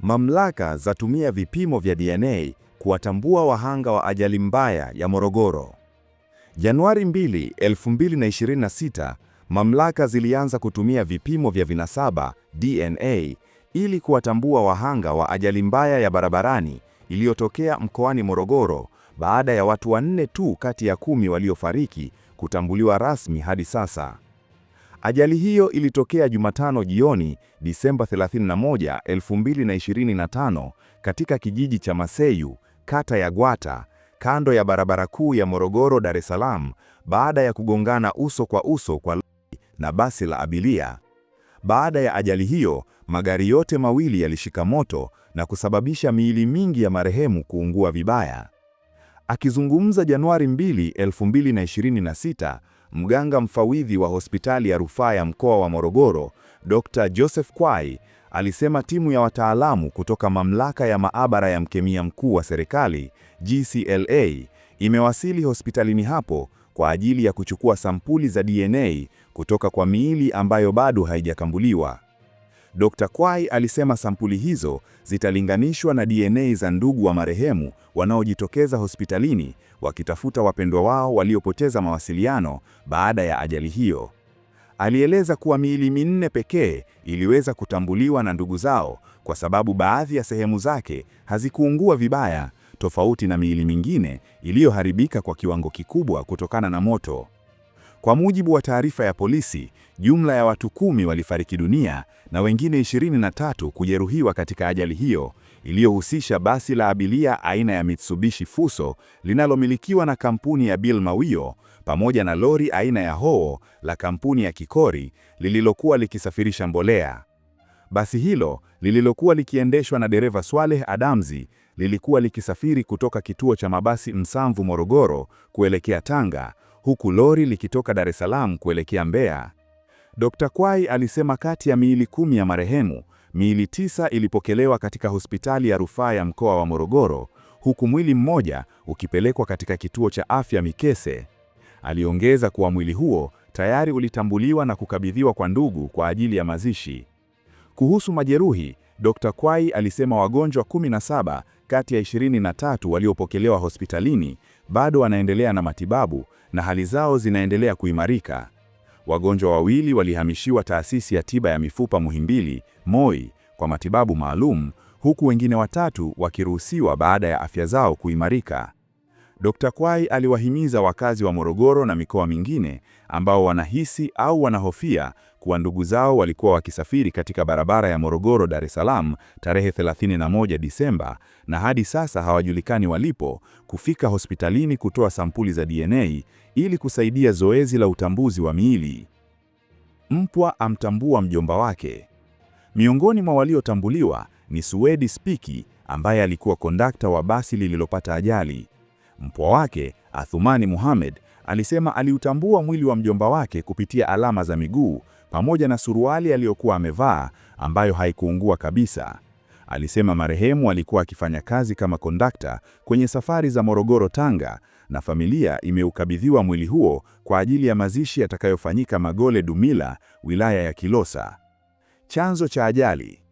Mamlaka zatumia vipimo vya DNA kuwatambua wahanga wa ajali mbaya ya Morogoro. Januari 2, 2026, mamlaka zilianza kutumia vipimo vya vinasaba DNA ili kuwatambua wahanga wa ajali mbaya ya barabarani iliyotokea mkoani Morogoro baada ya watu wanne tu kati ya kumi waliofariki kutambuliwa rasmi hadi sasa. Ajali hiyo ilitokea Jumatano jioni, Disemba 31, 2025 katika kijiji cha Maseyu, kata ya Gwata, kando ya barabara kuu ya Morogoro Dar es Salaam, baada ya kugongana uso kwa uso kwa lori na basi la abiria. Baada ya ajali hiyo, magari yote mawili yalishika moto na kusababisha miili mingi ya marehemu kuungua vibaya. Akizungumza Januari 2, 2026, mganga mfawidhi wa hospitali ya rufaa ya mkoa wa Morogoro, Dr. Joseph Kwai alisema timu ya wataalamu kutoka mamlaka ya maabara ya mkemia mkuu wa serikali GCLA imewasili hospitalini hapo kwa ajili ya kuchukua sampuli za DNA kutoka kwa miili ambayo bado haijakambuliwa. Dr. Kwai alisema sampuli hizo zitalinganishwa na DNA za ndugu wa marehemu wanaojitokeza hospitalini wakitafuta wapendwa wao waliopoteza mawasiliano baada ya ajali hiyo. Alieleza kuwa miili minne pekee iliweza kutambuliwa na ndugu zao kwa sababu baadhi ya sehemu zake hazikuungua vibaya, tofauti na miili mingine iliyoharibika kwa kiwango kikubwa kutokana na moto. Kwa mujibu wa taarifa ya polisi, jumla ya watu kumi walifariki dunia na wengine 23 kujeruhiwa katika ajali hiyo iliyohusisha basi la abiria aina ya Mitsubishi Fuso linalomilikiwa na kampuni ya Bill Mawio pamoja na lori aina ya Howo la kampuni ya Kikori lililokuwa likisafirisha mbolea. Basi hilo lililokuwa likiendeshwa na dereva Swaleh Adamzi lilikuwa likisafiri kutoka kituo cha mabasi Msamvu Morogoro kuelekea Tanga huku lori likitoka Dar es Salaam kuelekea Mbeya. Dr. Kwai alisema kati ya miili kumi ya marehemu, miili tisa ilipokelewa katika hospitali ya rufaa ya mkoa wa Morogoro, huku mwili mmoja ukipelekwa katika kituo cha afya Mikese. Aliongeza kuwa mwili huo tayari ulitambuliwa na kukabidhiwa kwa ndugu kwa ajili ya mazishi. Kuhusu majeruhi, Dr. Kwai alisema wagonjwa 17 kati ya 23 waliopokelewa hospitalini bado wanaendelea na matibabu na hali zao zinaendelea kuimarika. Wagonjwa wawili walihamishiwa taasisi ya tiba ya mifupa Muhimbili, MOI, kwa matibabu maalum, huku wengine watatu wakiruhusiwa baada ya afya zao kuimarika. Dkt. Kwai aliwahimiza wakazi wa Morogoro na mikoa mingine ambao wanahisi au wanahofia kuwa ndugu zao walikuwa wakisafiri katika barabara ya Morogoro Dar es Salaam tarehe 31 Disemba na hadi sasa hawajulikani walipo, kufika hospitalini kutoa sampuli za DNA ili kusaidia zoezi la utambuzi wa miili. Mpwa amtambua mjomba wake. Miongoni mwa waliotambuliwa ni Suwedi Spiki ambaye alikuwa kondakta wa basi lililopata ajali. Mpwa wake Athumani Muhammad alisema aliutambua mwili wa mjomba wake kupitia alama za miguu pamoja na suruali aliyokuwa amevaa ambayo haikuungua kabisa. Alisema marehemu alikuwa akifanya kazi kama kondakta kwenye safari za Morogoro Tanga, na familia imeukabidhiwa mwili huo kwa ajili ya mazishi yatakayofanyika Magole Dumila, wilaya ya Kilosa. Chanzo cha ajali.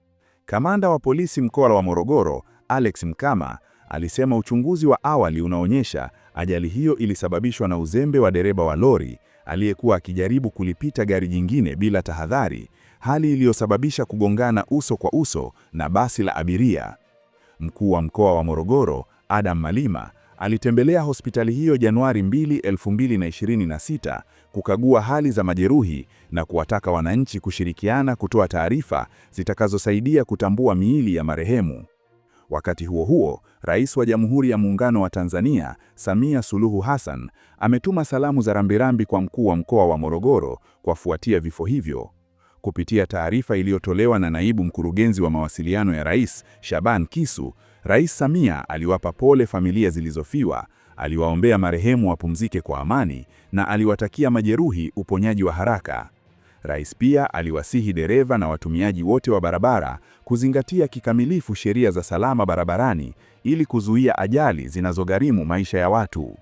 Kamanda wa polisi mkoa wa Morogoro, Alex Mkama, Alisema uchunguzi wa awali unaonyesha ajali hiyo ilisababishwa na uzembe wa dereba wa lori aliyekuwa akijaribu kulipita gari jingine bila tahadhari, hali iliyosababisha kugongana uso kwa uso na basi la abiria. Mkuu wa mkoa wa Morogoro, Adam Malima, alitembelea hospitali hiyo Januari 2, 2026 kukagua hali za majeruhi na kuwataka wananchi kushirikiana kutoa taarifa zitakazosaidia kutambua miili ya marehemu. Wakati huo huo, Rais wa Jamhuri ya Muungano wa Tanzania, Samia Suluhu Hassan, ametuma salamu za rambirambi kwa mkuu wa mkoa wa Morogoro fuatia vifo hivyo. Kupitia taarifa iliyotolewa na naibu mkurugenzi wa mawasiliano ya Rais, Shaban Kisu, Rais Samia aliwapa pole familia zilizofiwa, aliwaombea marehemu wapumzike kwa amani na aliwatakia majeruhi uponyaji wa haraka. Rais pia aliwasihi dereva na watumiaji wote wa barabara kuzingatia kikamilifu sheria za salama barabarani ili kuzuia ajali zinazogharimu maisha ya watu.